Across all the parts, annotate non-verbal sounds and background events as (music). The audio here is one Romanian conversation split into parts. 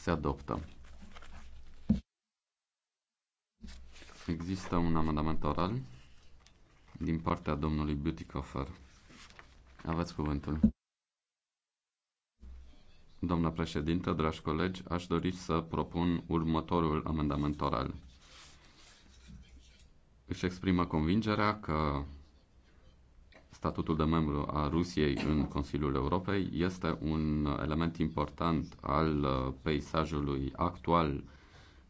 se adoptă. Există un amendament oral din partea domnului Beautycoffer. Aveți cuvântul. Doamna președintă, dragi colegi, aș dori să propun următorul amendament oral. Își exprimă convingerea că statutul de membru a Rusiei în Consiliul Europei este un element important al uh, peisajului actual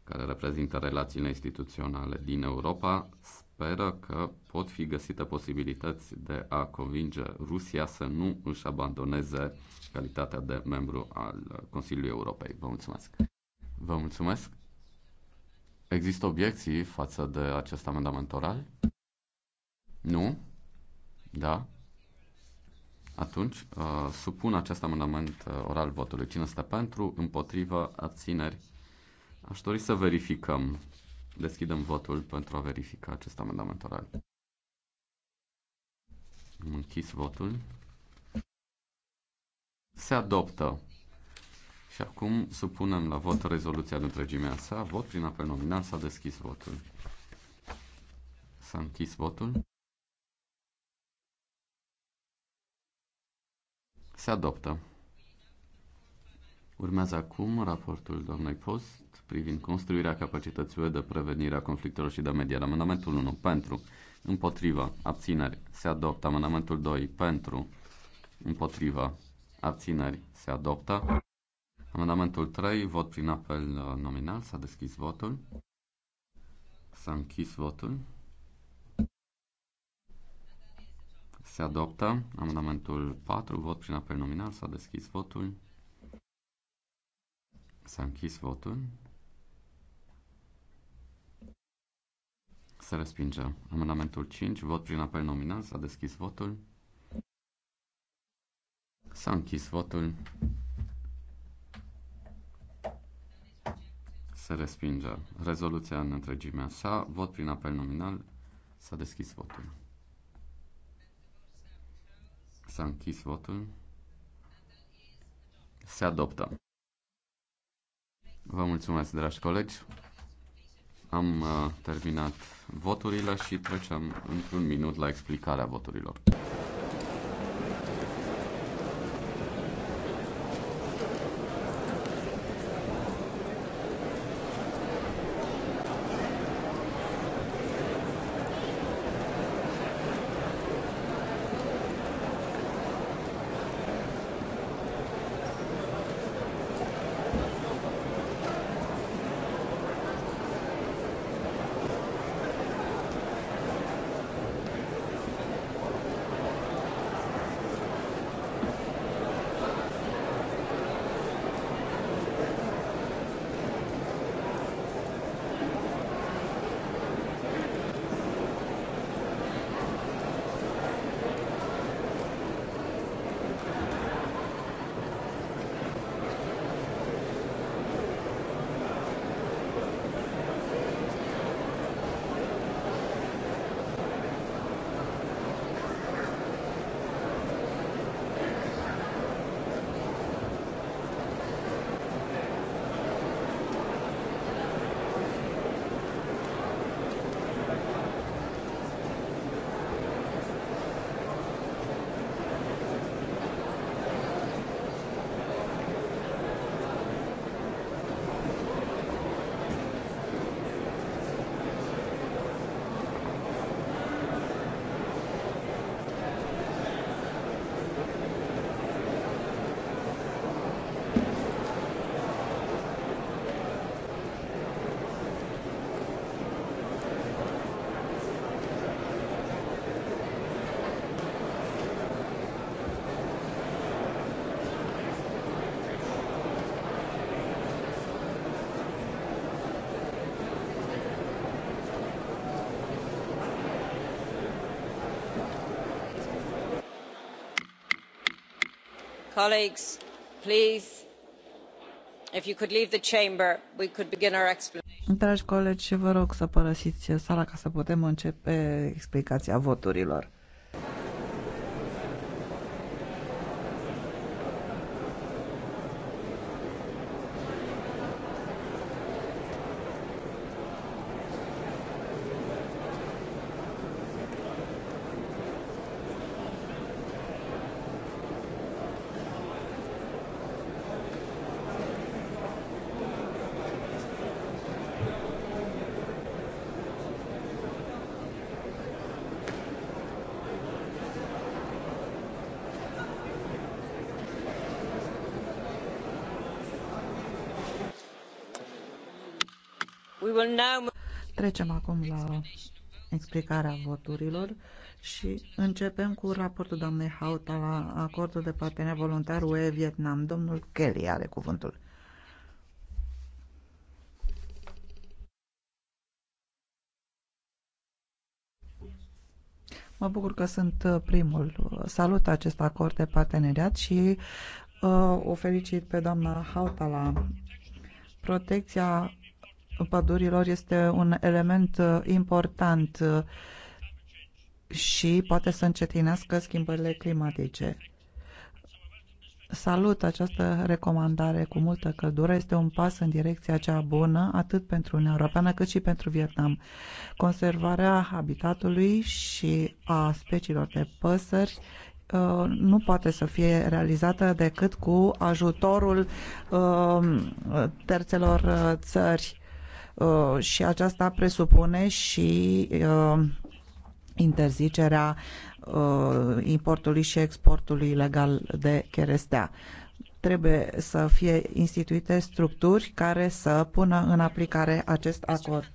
care reprezintă relațiile instituționale din Europa. Speră că pot fi găsite posibilități de a convinge Rusia să nu își abandoneze calitatea de membru al uh, Consiliului Europei. Vă mulțumesc! Vă mulțumesc! Există obiecții față de acest amendament oral? Nu? Da? Atunci, uh, supun acest amendament uh, oral votului. Cine este pentru, împotrivă, abțineri? Aș dori să verificăm. Deschidem votul pentru a verifica acest amendament oral. Am închis votul. Se adoptă. Și acum supunem la vot rezoluția de întregimea sa. Vot prin apel nominal s-a deschis votul. S-a închis votul. Se adoptă. Urmează acum raportul doamnei Post privind construirea capacității UE de prevenire a conflictelor și de mediere. Amendamentul 1 pentru, împotriva, abțineri, se adoptă. Amendamentul 2 pentru, împotriva, abțineri, se adoptă. Amendamentul 3, vot prin apel nominal, s-a deschis votul. S-a închis votul. Se adoptă amendamentul 4, vot prin apel nominal, s-a deschis votul. S-a închis votul. Se respinge. Amendamentul 5, vot prin apel nominal, s-a deschis votul. S-a închis votul. Se respinge. Rezoluția în întregimea sa, vot prin apel nominal, s-a deschis votul. S-a închis votul. Se adoptă. Vă mulțumesc, dragi colegi. Am uh, terminat voturile și trecem într-un minut la explicarea voturilor. colleagues please if you could leave the chamber we could begin our explanation. Dragi colegi, vă rog să părăsiți sala ca să putem începe explicația voturilor. Trecem acum la explicarea voturilor și începem cu raportul doamnei Hauta la acordul de parteneriat voluntar UE-Vietnam. Domnul Kelly are cuvântul. Mă bucur că sunt uh, primul. Salut acest acord de parteneriat și uh, o felicit pe doamna Hautala. Protecția pădurilor este un element uh, important uh, și poate să încetinească schimbările climatice. Salut această recomandare cu multă căldură. Este un pas în direcția cea bună, atât pentru Uniunea Europeană cât și pentru Vietnam. Conservarea habitatului și a speciilor de păsări uh, nu poate să fie realizată decât cu ajutorul terțelor țări Uh, și aceasta presupune și uh, interzicerea uh, importului și exportului ilegal de cherestea. Trebuie să fie instituite structuri care să pună în aplicare acest acord.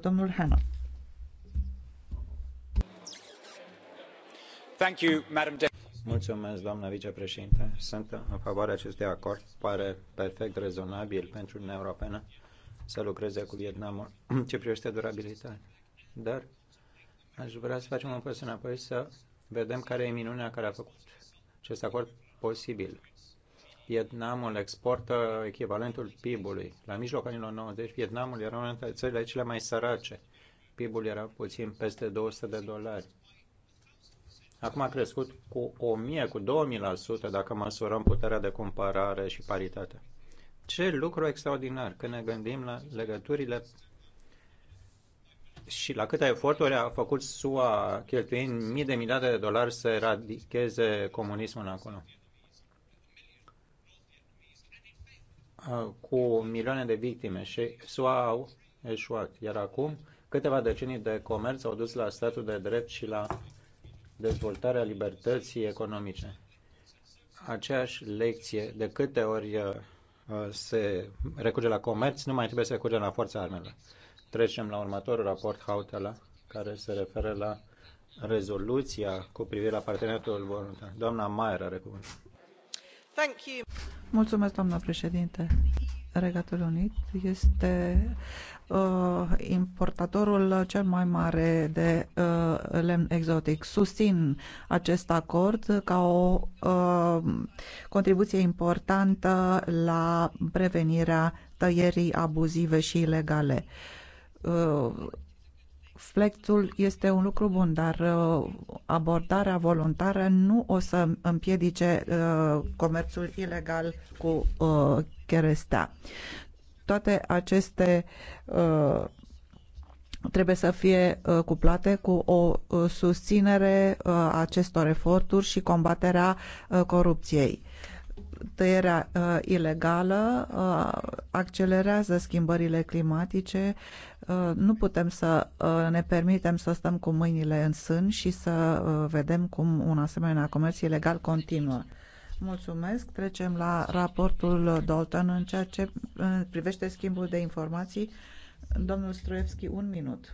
Domnul Hanna. Mulțumesc, doamnă vicepreședinte. Sunt în favoarea acestui acord. Pare perfect rezonabil pentru Uniunea Europeană să lucreze cu Vietnamul ce privește durabilitate. Dar aș vrea să facem un pas înapoi să vedem care e minunea care a făcut acest acord posibil. Vietnamul exportă echivalentul PIB-ului. La mijlocul anilor 90, Vietnamul era una dintre țările cele mai sărace. PIB-ul era puțin peste 200 de dolari. Acum a crescut cu 1000, cu 2000% dacă măsurăm puterea de cumpărare și paritatea. Ce lucru extraordinar când ne gândim la legăturile și la câte eforturi a făcut SUA cheltuind mii de miliarde de dolari să eradicheze comunismul acolo. Uh, cu milioane de victime și SUA au eșuat. Iar acum, câteva decenii de comerț au dus la statul de drept și la dezvoltarea libertății economice. Aceeași lecție de câte ori uh, se recurge la comerț, nu mai trebuie să recurgem la forța armelor. Trecem la următorul raport Hautala, care se referă la rezoluția cu privire la parteneriatul voluntar. Doamna Maier are cuvântul. Mulțumesc, doamna președinte. Regatul Unit este uh, importatorul cel mai mare de uh, lemn exotic. Susțin acest acord ca o uh, contribuție importantă la prevenirea tăierii abuzive și ilegale. Uh, Flexul este un lucru bun, dar uh, abordarea voluntară nu o să împiedice uh, comerțul ilegal cu uh, cherestea. Toate aceste trebuie să fie cuplate cu o susținere acestor eforturi și combaterea corupției tăierea uh, ilegală uh, accelerează schimbările climatice. Uh, nu putem să uh, ne permitem să stăm cu mâinile în sân și să uh, vedem cum un asemenea comerț ilegal continuă. Mulțumesc. Trecem la raportul Dalton în ceea ce privește schimbul de informații. Domnul Struevski, un minut.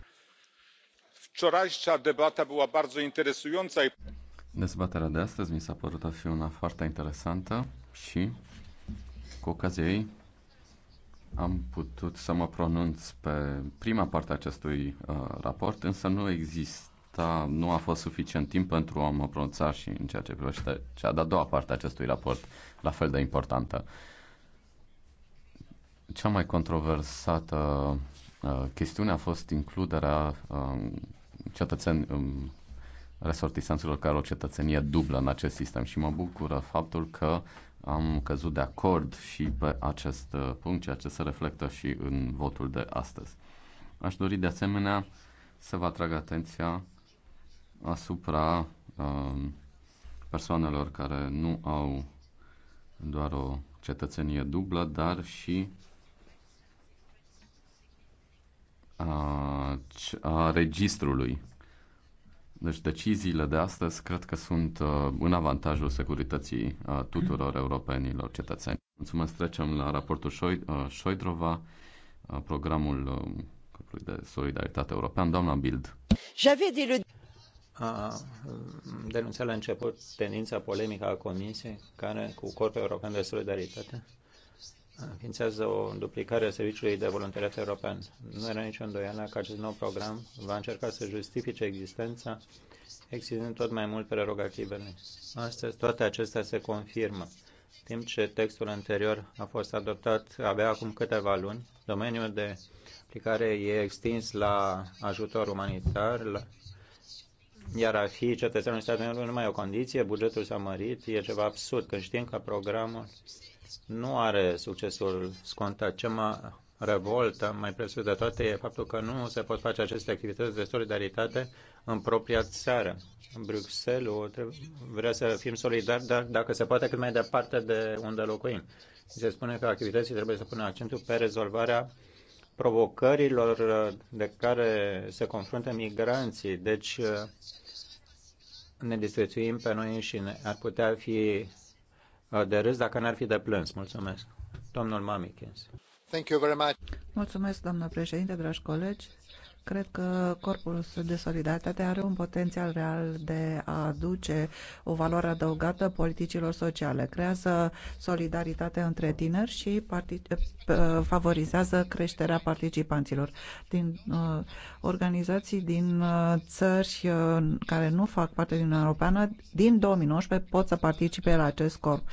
Wczorajsza debata była bardzo interesująca. Dezbaterea de astăzi mi s-a părut a fi una foarte interesantă și cu ocazia ei am putut să mă pronunț pe prima parte a acestui uh, raport, însă nu exista, nu a fost suficient timp pentru a mă pronunța și în ceea ce privește cea de-a doua parte a acestui raport, la fel de importantă. Cea mai controversată uh, chestiune a fost includerea uh, um, cetățeni, um, resortisanților care au cetățenie dublă în acest sistem și mă bucură faptul că am căzut de acord și pe acest uh, punct, ceea ce se reflectă și în votul de astăzi. Aș dori de asemenea să vă atrag atenția asupra uh, persoanelor care nu au doar o cetățenie dublă, dar și a, uh, a registrului deci deciziile de astăzi cred că sunt uh, în avantajul securității uh, tuturor (clears throat) europenilor cetățeni. Mulțumesc, trecem la raportul uh, Șoidrova, programul de solidaritate european. Doamna Bild. A denunțat la început tendința polemică a Comisiei, care cu Corpul European de Solidaritate înființează o duplicare a Serviciului de Voluntariat European. Nu era nicio îndoială că acest nou program va încerca să justifice existența, extinzând tot mai mult prerogativele. Astăzi, toate acestea se confirmă. Timp ce textul anterior a fost adoptat abia acum câteva luni, domeniul de aplicare e extins la ajutor umanitar, la iar a fi cetățenul statului nu mai e o condiție, bugetul s-a mărit, e ceva absurd când știm că programul nu are succesul scontat. Ce mă revoltă mai presus de toate e faptul că nu se pot face aceste activități de solidaritate în propria țară. În Bruxelles vrea să fim solidari, dar dacă se poate cât mai departe de unde locuim. Se spune că activității trebuie să pună accentul pe rezolvarea provocărilor de care se confruntă migranții. Deci ne distrețuim pe noi și ne ar putea fi Uh, de râs dacă n-ar fi de plâns. Mulțumesc. Domnul Thank you very much. Mulțumesc, doamnă președinte, dragi colegi. Cred că corpul de solidaritate are un potențial real de a aduce o valoare adăugată politicilor sociale. Creează solidaritate între tineri și eh, favorizează creșterea participanților. Din uh, organizații din uh, țări uh, care nu fac parte din Europeană, din 2019 pot să participe la acest corp,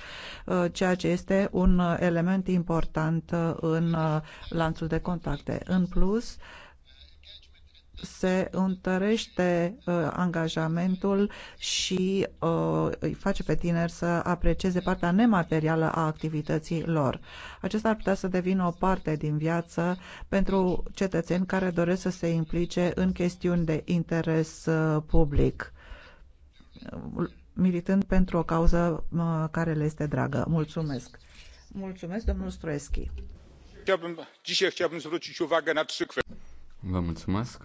uh, ceea ce este un element important uh, în uh, lanțul de contacte. În plus, uh, se întărește uh, angajamentul și uh, îi face pe tineri să aprecieze partea nematerială a activității lor. Acesta ar putea să devină o parte din viață pentru cetățeni care doresc să se implice în chestiuni de interes uh, public militând pentru o cauză care le este dragă. Mulțumesc. Mulțumesc, domnul Stroeschi. Vă mulțumesc.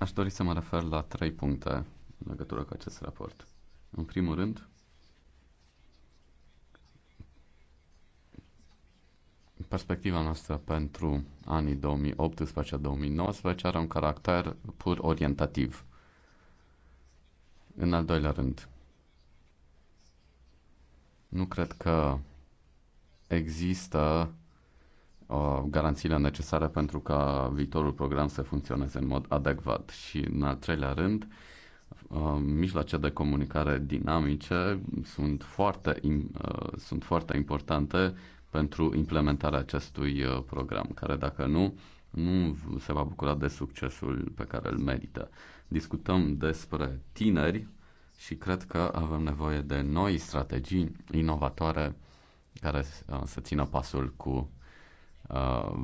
Aș dori să mă refer la trei puncte în legătură cu acest raport. În primul rând, perspectiva noastră pentru anii 2018-2019 are un caracter pur orientativ. În al doilea rând, nu cred că există Uh, garanțiile necesare pentru ca viitorul program să funcționeze în mod adecvat. Și, în al treilea rând, uh, mijloace de comunicare dinamice sunt foarte, uh, sunt foarte importante pentru implementarea acestui program, care dacă nu, nu se va bucura de succesul pe care îl merită. Discutăm despre tineri și cred că avem nevoie de noi strategii inovatoare care să țină pasul cu Uh,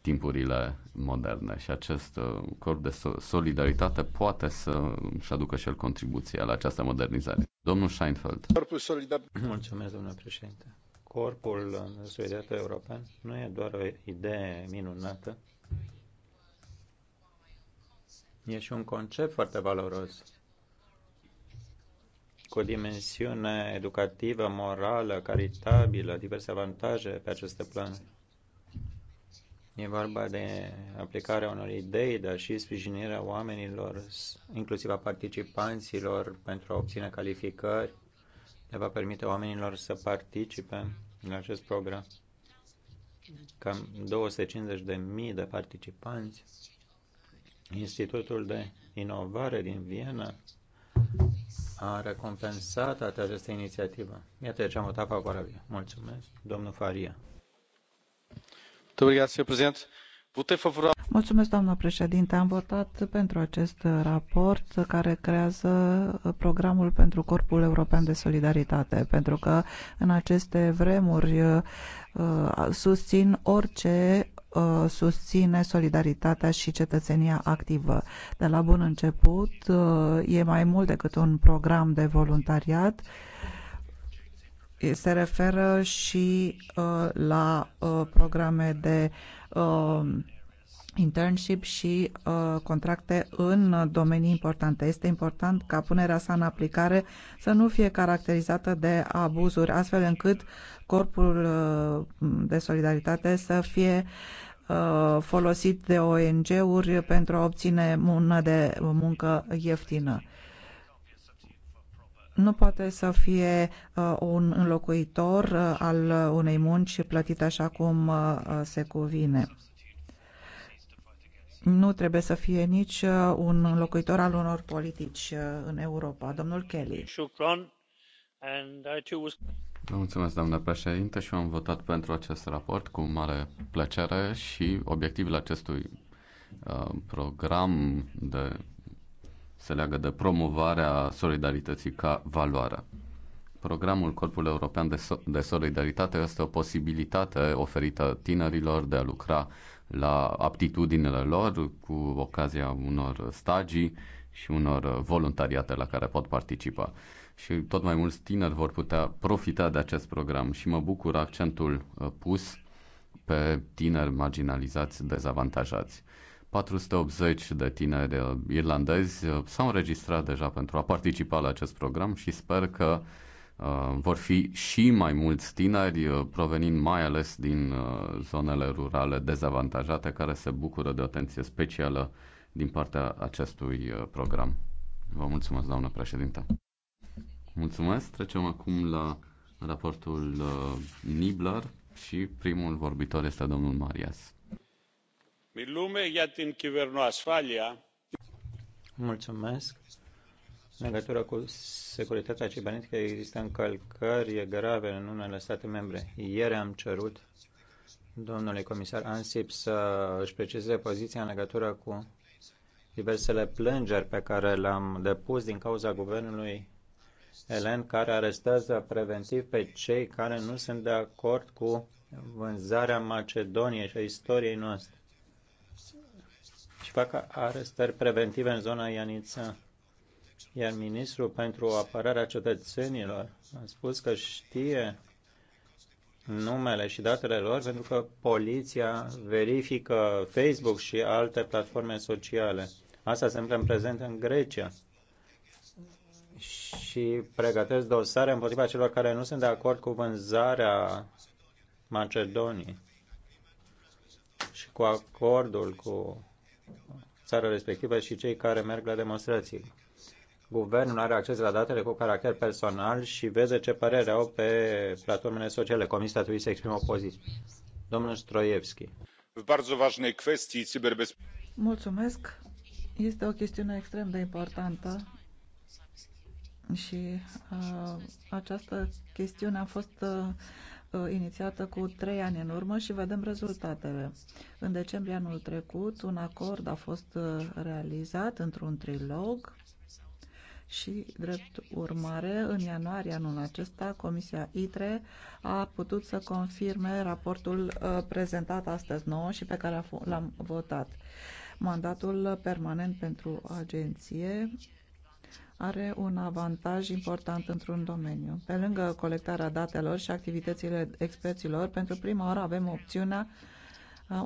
timpurile moderne și acest uh, corp de solidaritate poate să și aducă și el contribuția la această modernizare. Domnul Scheinfeld. Corpul solidar... Mulțumesc, domnule președinte. Corpul solidaritate european nu e doar o idee minunată, e și un concept foarte valoros cu o dimensiune educativă, morală, caritabilă, diverse avantaje pe aceste planuri E vorba de aplicarea unor idei, dar și sprijinirea oamenilor, inclusiv a participanților, pentru a obține calificări, le va permite oamenilor să participe la acest program. Cam 250.000 de participanți. Institutul de Inovare din Viena a recompensat această inițiativă. Iată ce am votat favorabil. Mulțumesc, domnul Faria. Mulțumesc, doamnă președinte. Am votat pentru acest raport care creează programul pentru Corpul European de Solidaritate, pentru că în aceste vremuri uh, susțin orice uh, susține solidaritatea și cetățenia activă. De la bun început uh, e mai mult decât un program de voluntariat se referă și uh, la uh, programe de uh, internship și uh, contracte în domenii importante. Este important ca punerea sa în aplicare să nu fie caracterizată de abuzuri, astfel încât corpul uh, de solidaritate să fie folosit de ONG-uri pentru a obține mână de muncă ieftină nu poate să fie uh, un înlocuitor uh, al unei munci plătite așa cum uh, se cuvine. Nu trebuie să fie nici un înlocuitor al unor politici în Europa. Domnul Kelly. Vă mulțumesc, doamnă președinte, și eu am votat pentru acest raport cu mare plăcere și obiectivele acestui program de se leagă de promovarea solidarității ca valoare. Programul Corpul European de, so- de Solidaritate este o posibilitate oferită tinerilor de a lucra la aptitudinile lor cu ocazia unor stagii și unor voluntariate la care pot participa. Și tot mai mulți tineri vor putea profita de acest program și mă bucur accentul uh, pus pe tineri marginalizați, dezavantajați. 480 de tineri uh, irlandezi uh, s-au înregistrat deja pentru a participa la acest program și sper că uh, vor fi și mai mulți tineri provenind mai ales din zonele rurale dezavantajate care se bucură de o atenție specială din partea acestui program. Vă mulțumesc, doamnă președinte. Mulțumesc. Trecem acum la raportul Niblar și primul vorbitor este domnul Marias. Mulțumesc. În legătură cu securitatea cibernetică există încălcări grave în unele state membre. Ieri am cerut domnului comisar Ansip să își precizeze poziția în legătură cu diversele plângeri pe care le-am depus din cauza guvernului Elen, care arestează preventiv pe cei care nu sunt de acord cu vânzarea Macedoniei și a istoriei noastre și fac arestări preventive în zona Ianița. Iar ministrul pentru apărarea cetățenilor a spus că știe numele și datele lor pentru că poliția verifică Facebook și alte platforme sociale. Asta se întâmplă în prezent în Grecia și pregătesc dosare împotriva celor care nu sunt de acord cu vânzarea Macedoniei și cu acordul cu țara respectivă și cei care merg la demonstrații. Guvernul are acces la datele cu caracter personal și vede ce părere au pe platformele sociale. Comisia trebuie să exprimă opoziție. Domnul Stroievski. Mulțumesc. Este o chestiune extrem de importantă și uh, această chestiune a fost uh, Uh, inițiată cu trei ani în urmă și vedem rezultatele. În decembrie anul trecut, un acord a fost uh, realizat într-un trilog și, drept urmare, în ianuarie anul acesta, Comisia ITRE a putut să confirme raportul uh, prezentat astăzi nou și pe care l-am votat. Mandatul permanent pentru agenție are un avantaj important într-un domeniu. Pe lângă colectarea datelor și activitățile experților, pentru prima oară avem opțiunea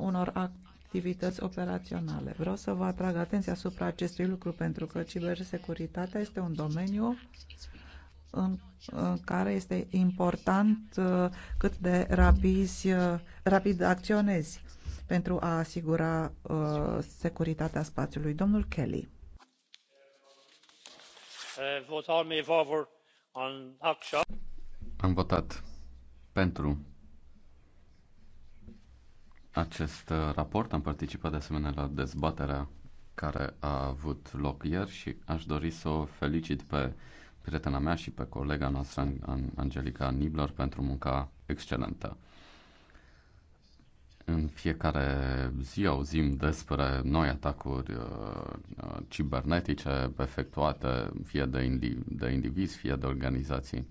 unor activități operaționale. Vreau să vă atrag atenția asupra acestui lucru pentru că cibersecuritatea este un domeniu în, în care este important cât de rapizi, rapid acționezi pentru a asigura uh, securitatea spațiului. Domnul Kelly. Am votat pentru acest uh, raport. Am participat de asemenea la dezbaterea care a avut loc ieri și aș dori să o felicit pe prietena mea și pe colega noastră Angelica Nibler pentru munca excelentă. În fiecare zi auzim despre noi atacuri uh, uh, cibernetice efectuate fie de, indi- de indivizi, fie de organizații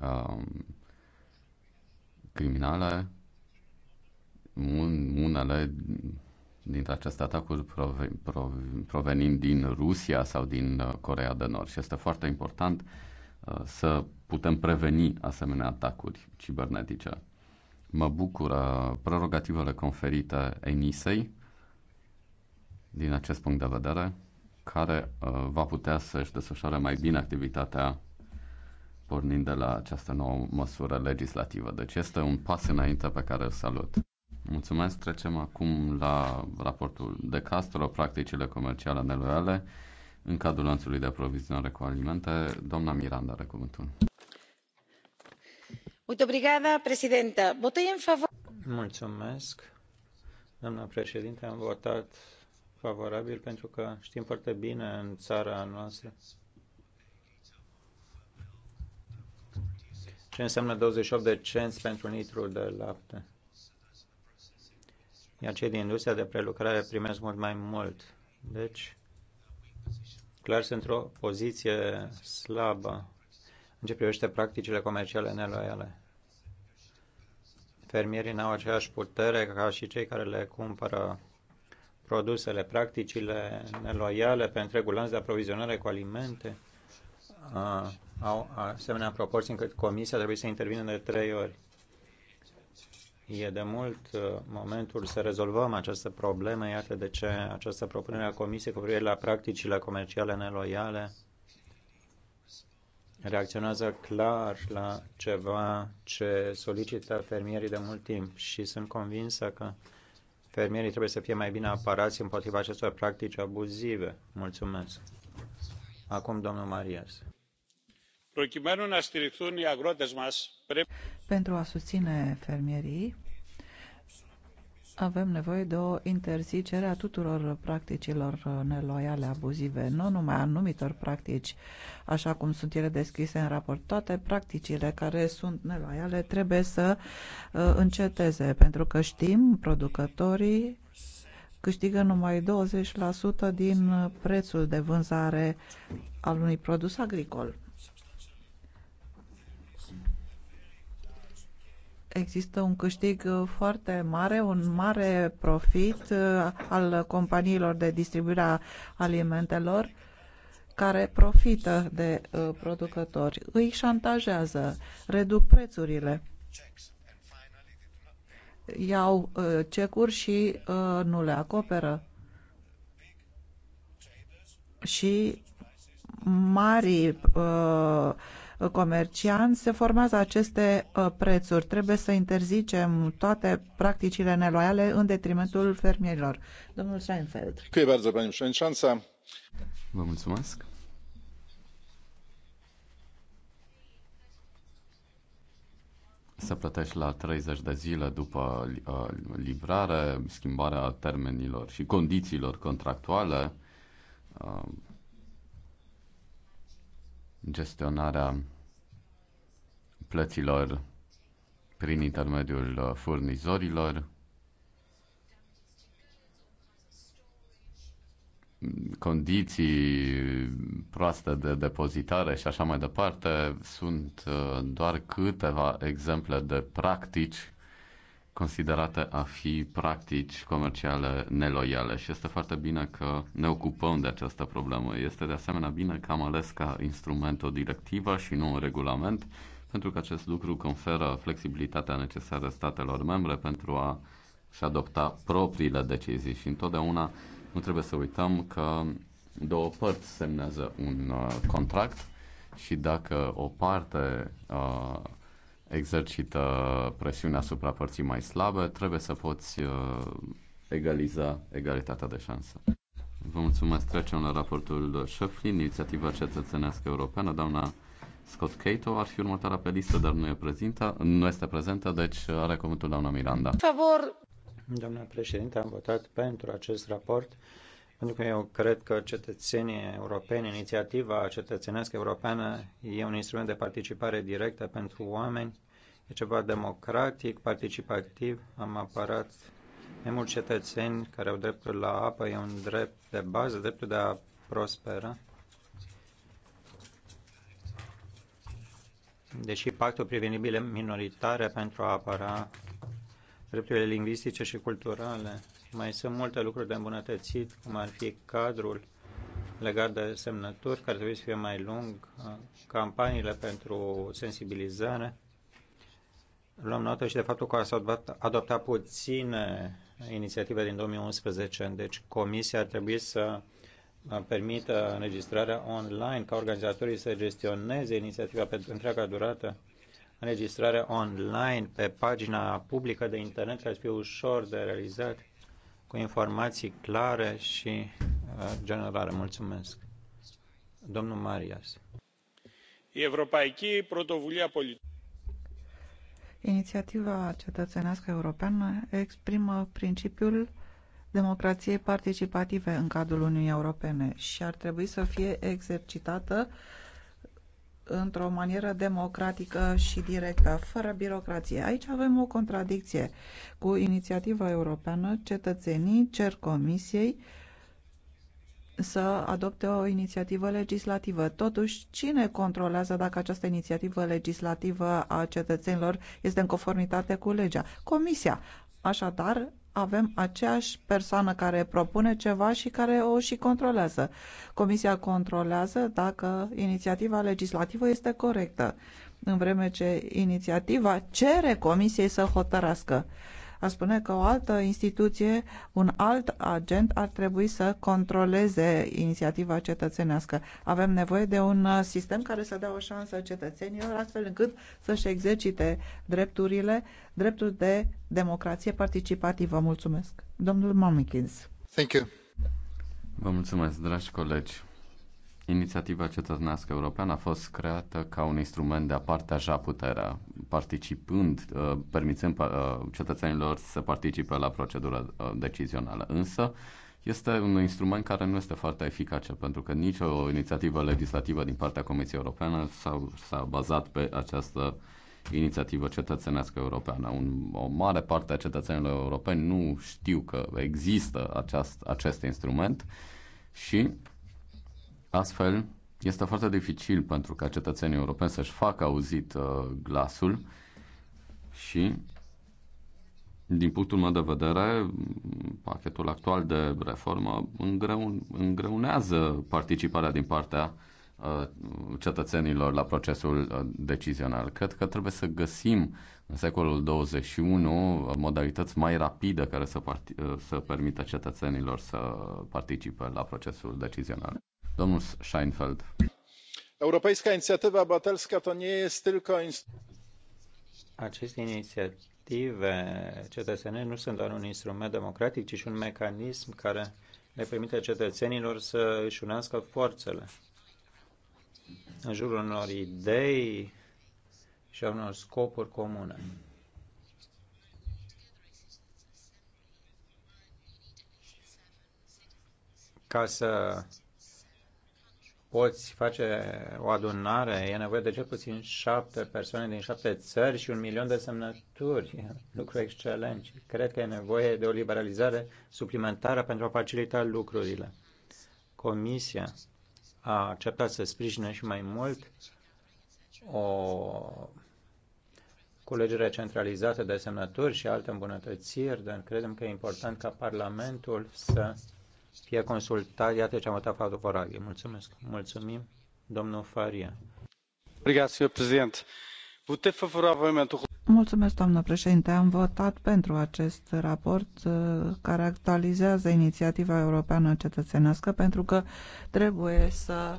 uh, criminale. Un, unele dintre aceste atacuri prove, prove, provenind din Rusia sau din uh, Corea de Nord și este foarte important uh, să putem preveni asemenea atacuri cibernetice. Mă bucură uh, prerogativele conferite ENISEI din acest punct de vedere, care uh, va putea să-și desfășoare mai bine activitatea pornind de la această nouă măsură legislativă. Deci este un pas înainte pe care îl salut. Mulțumesc. Trecem acum la raportul de Castro, practicile comerciale neloiale în cadrul lanțului de aprovizionare cu alimente. Doamna Miranda are cuvântul. Mulțumesc, doamnă președintă Am votat favorabil pentru că știm foarte bine în țara noastră ce înseamnă 28 de cenți pentru un litru de lapte. Iar cei din industria de prelucrare primesc mult mai mult. Deci, clar sunt într-o poziție slabă în ce privește practicile comerciale neloiale. Fermierii n-au aceeași putere ca și cei care le cumpără produsele, practicile neloiale pe întregul lanț de aprovizionare cu alimente a, au asemenea proporții încât comisia trebuie să intervină de trei ori. E de mult uh, momentul să rezolvăm această problemă, iată de ce această propunere a comisiei cu privire la practicile comerciale neloiale reacționează clar la ceva ce solicită fermierii de mult timp și sunt convinsă că fermierii trebuie să fie mai bine aparați împotriva acestor practici abuzive. Mulțumesc. Acum, domnul Marias. Pentru a susține fermierii, avem nevoie de o interzicere a tuturor practicilor uh, neloiale, abuzive, nu numai anumitor practici, așa cum sunt ele descrise în raport. Toate practicile care sunt neloiale trebuie să uh, înceteze, pentru că știm, producătorii câștigă numai 20% din uh, prețul de vânzare al unui produs agricol. există un câștig uh, foarte mare, un mare profit uh, al companiilor de distribuire a alimentelor care profită de uh, producători. Îi șantajează, reduc prețurile, iau cecuri și nu le acoperă. Și mari uh, Uh, comercianți, se formează aceste uh, prețuri. Trebuie să interzicem toate practicile neloiale în detrimentul fermierilor. Domnul Seinfeld. Vă mulțumesc. se plătește la 30 de zile după uh, livrare, schimbarea termenilor și condițiilor contractuale, gestionarea plăților prin intermediul uh, furnizorilor, condiții proaste de depozitare și așa mai departe sunt uh, doar câteva exemple de practici considerate a fi practici comerciale neloiale și este foarte bine că ne ocupăm de această problemă. Este de asemenea bine că am ales ca instrument o directivă și nu un regulament, pentru că acest lucru conferă flexibilitatea necesară statelor membre pentru a și adopta propriile decizii și întotdeauna nu trebuie să uităm că două părți semnează un uh, contract și dacă o parte uh, exercită presiunea asupra părții mai slabe, trebuie să poți uh, egaliza egalitatea de șansă. Vă mulțumesc. Trecem la raportul Șeflin, inițiativa cetățenească europeană. Doamna Scott Cato ar fi următoarea pe listă, dar nu, e prezintă, nu este prezentă, deci are cuvântul doamna Miranda. Favor! Doamna președinte, am votat pentru acest raport pentru că eu cred că cetățenii europeni, inițiativa cetățenească europeană e un instrument de participare directă pentru oameni E ceva democratic, participativ. Am apărat mai mulți cetățeni care au dreptul la apă, e un drept de bază, dreptul de a prospera. Deși pactul prevenibil minoritare pentru a apăra drepturile lingvistice și culturale, mai sunt multe lucruri de îmbunătățit, cum ar fi cadrul legat de semnături, care trebuie să fie mai lung, campaniile pentru sensibilizare, Luăm notă și de faptul că s-au adoptat puține inițiative din 2011, deci Comisia ar trebui să uh, permită înregistrarea online, ca organizatorii să gestioneze inițiativa pentru întreaga durată, înregistrarea online pe pagina publică de internet, care să ușor de realizat, cu informații clare și uh, generale. Mulțumesc. Domnul Marias. Europaiki, protovulia politică. Inițiativa cetățenească europeană exprimă principiul democrației participative în cadrul Uniunii Europene și ar trebui să fie exercitată într-o manieră democratică și directă, fără birocrație. Aici avem o contradicție. Cu inițiativa europeană, cetățenii cer comisiei să adopte o inițiativă legislativă. Totuși, cine controlează dacă această inițiativă legislativă a cetățenilor este în conformitate cu legea? Comisia. Așadar, avem aceeași persoană care propune ceva și care o și controlează. Comisia controlează dacă inițiativa legislativă este corectă, în vreme ce inițiativa cere Comisiei să hotărască. Uh, Aș spune că o altă instituție, un alt agent ar trebui să controleze inițiativa cetățenească. Avem nevoie de un uh, sistem care să dea o șansă cetățenilor astfel încât să-și exercite drepturile, dreptul de democrație participativă. Mulțumesc. Domnul Mamikins. Thank you. Vă mulțumesc, dragi colegi. Inițiativa cetățenească europeană a fost creată ca un instrument de a partaja puterea, participând, uh, permițând uh, cetățenilor să participe la procedura uh, decizională. Însă, este un instrument care nu este foarte eficace, pentru că nicio inițiativă legislativă din partea Comisiei Europene s-a, s-a bazat pe această inițiativă cetățenească europeană. Un, o mare parte a cetățenilor europeni nu știu că există aceast, acest instrument și Astfel, este foarte dificil pentru ca cetățenii europeni să-și facă auzit uh, glasul și, din punctul meu de vedere, pachetul actual de reformă îngreunează participarea din partea uh, cetățenilor la procesul uh, decizional. Cred că trebuie să găsim în secolul 21 modalități mai rapide care să, part- să permită cetățenilor să participe la procesul decizional. Domnul Scheinfeld. Europejska Inicjatywa Obywatelska to nie jest tylko... Aceste inițiative cetățene nu sunt doar un instrument democratic, ci și un mecanism care le permite cetățenilor să își unească forțele în jurul unor idei și a unor scopuri comune. Ca să poți face o adunare, e nevoie de cel puțin șapte persoane din șapte țări și un milion de semnături. Lucru excelent. Cred că e nevoie de o liberalizare suplimentară pentru a facilita lucrurile. Comisia a acceptat să sprijine și mai mult o culegere centralizată de semnături și alte îmbunătățiri, dar credem că e important ca Parlamentul să fie consultat. Iată ce am votat favorabil. Mulțumesc. Mulțumim, domnul Faria. Mulțumesc, doamnă președinte. Am votat pentru acest raport uh, care actualizează inițiativa europeană cetățenească pentru că trebuie să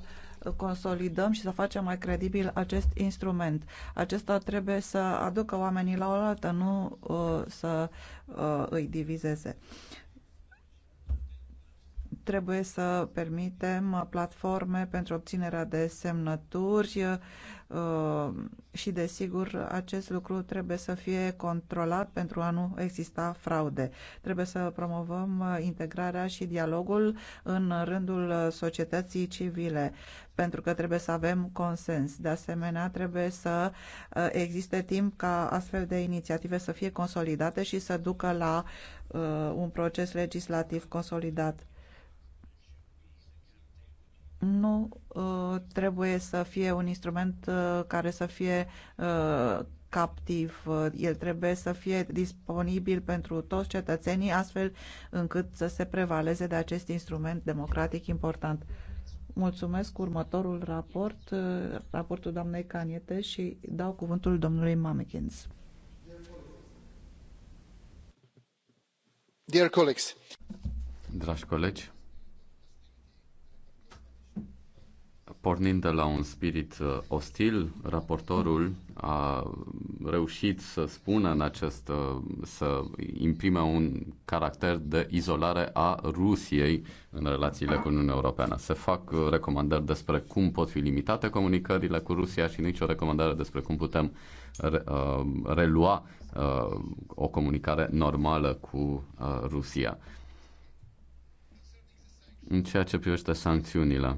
consolidăm și să facem mai credibil acest instrument. Acesta trebuie să aducă oamenii la o altă, nu uh, să uh, îi divizeze. Trebuie să permitem uh, platforme pentru obținerea de semnături uh, și, desigur, acest lucru trebuie să fie controlat pentru a nu exista fraude. Trebuie să promovăm uh, integrarea și dialogul în rândul societății civile, pentru că trebuie să avem consens. De asemenea, trebuie să existe timp ca astfel de inițiative să fie consolidate și să ducă la un proces legislativ consolidat nu uh, trebuie să fie un instrument uh, care să fie uh, captiv. Uh, el trebuie să fie disponibil pentru toți cetățenii, astfel încât să se prevaleze de acest instrument democratic important. Mulțumesc următorul raport, uh, raportul doamnei Caniete și dau cuvântul domnului Mamekins. Dear colleagues. Dragi colegi, pornind de la un spirit uh, ostil, raportorul a reușit să spună în acest, uh, să imprime un caracter de izolare a Rusiei în relațiile cu Uniunea Europeană. Se fac uh, recomandări despre cum pot fi limitate comunicările cu Rusia și nicio recomandare despre cum putem relua o comunicare normală cu Rusia. În ceea ce privește sancțiunile,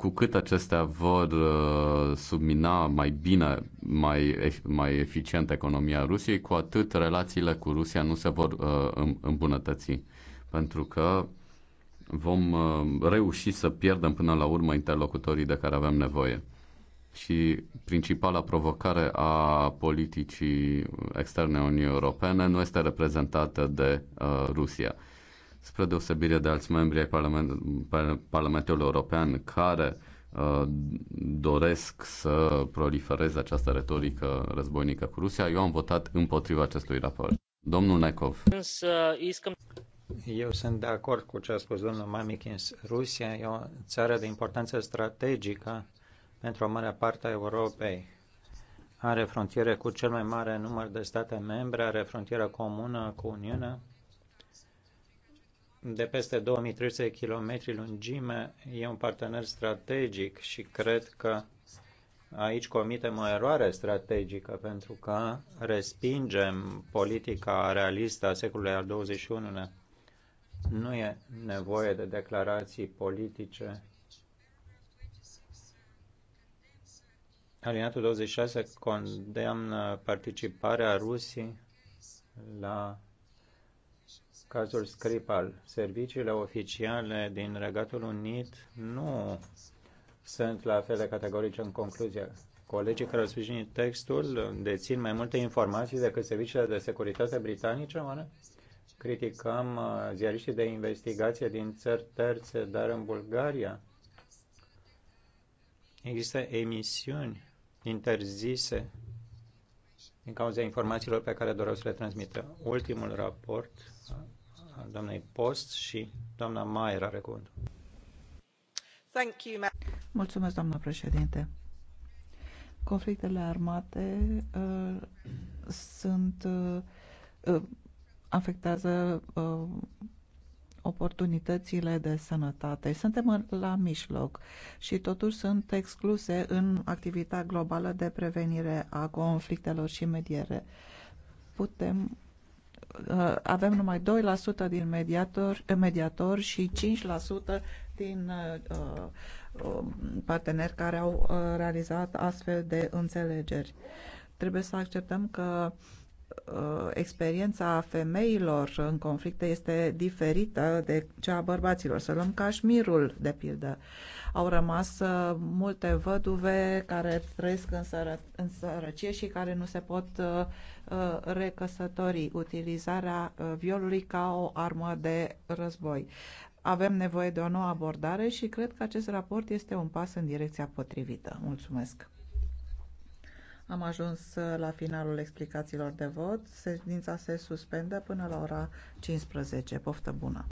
cu cât acestea vor uh, submina mai bine, mai, mai eficient economia Rusiei, cu atât relațiile cu Rusia nu se vor uh, îmbunătăți. Pentru că vom uh, reuși să pierdem până la urmă interlocutorii de care avem nevoie. Și principala provocare a politicii externe a Uniunii Europene nu este reprezentată de uh, Rusia spre deosebire de alți membri ai Parlament, Parlamentului European care uh, doresc să prolifereze această retorică războinică cu Rusia, eu am votat împotriva acestui raport. Domnul Nekov. Eu sunt de acord cu ce a spus domnul Mamikins. Rusia e o țară de importanță strategică pentru o mare parte a Europei. Are frontiere cu cel mai mare număr de state membre, are frontieră comună cu Uniunea de peste 2300 km lungime e un partener strategic și cred că aici comitem o eroare strategică pentru că respingem politica realistă a secolului al XXI-lea. Nu e nevoie de declarații politice. Aliniatul 26 condamnă participarea Rusiei la cazul Skripal. Serviciile oficiale din Regatul Unit nu sunt la fel de categorice în concluzie. Colegii care au sprijinit textul dețin mai multe informații decât serviciile de securitate britanice, oare? Criticăm uh, ziariștii de investigație din țări terțe, dar în Bulgaria există emisiuni interzise din cauza informațiilor pe care doreau să le transmită. Ultimul raport doamnei Post și doamna Maier are Mulțumesc, doamnă președinte. Conflictele armate uh, sunt uh, uh afectează uh, oportunitățile de sănătate. Suntem la mijloc și totuși sunt excluse în activitatea globală de prevenire a conflictelor și mediere. Putem Uh, avem numai 2% din mediator, uh, mediator și 5% din uh, um, parteneri care au realizat astfel de înțelegeri. Trebuie să acceptăm că uh, Uh, experiența femeilor în conflicte este diferită de cea a bărbaților. Să luăm Cașmirul, de pildă. Au rămas uh, multe văduve care trăiesc în, sără- în sărăcie și care nu se pot uh, recăsători. Utilizarea violului ca o armă de război. Avem nevoie de o nouă abordare și cred că acest raport este un pas în direcția potrivită. Mulțumesc! Am ajuns uh, la finalul explicațiilor de vot. Sedința se suspendă până la ora 15. Poftă bună!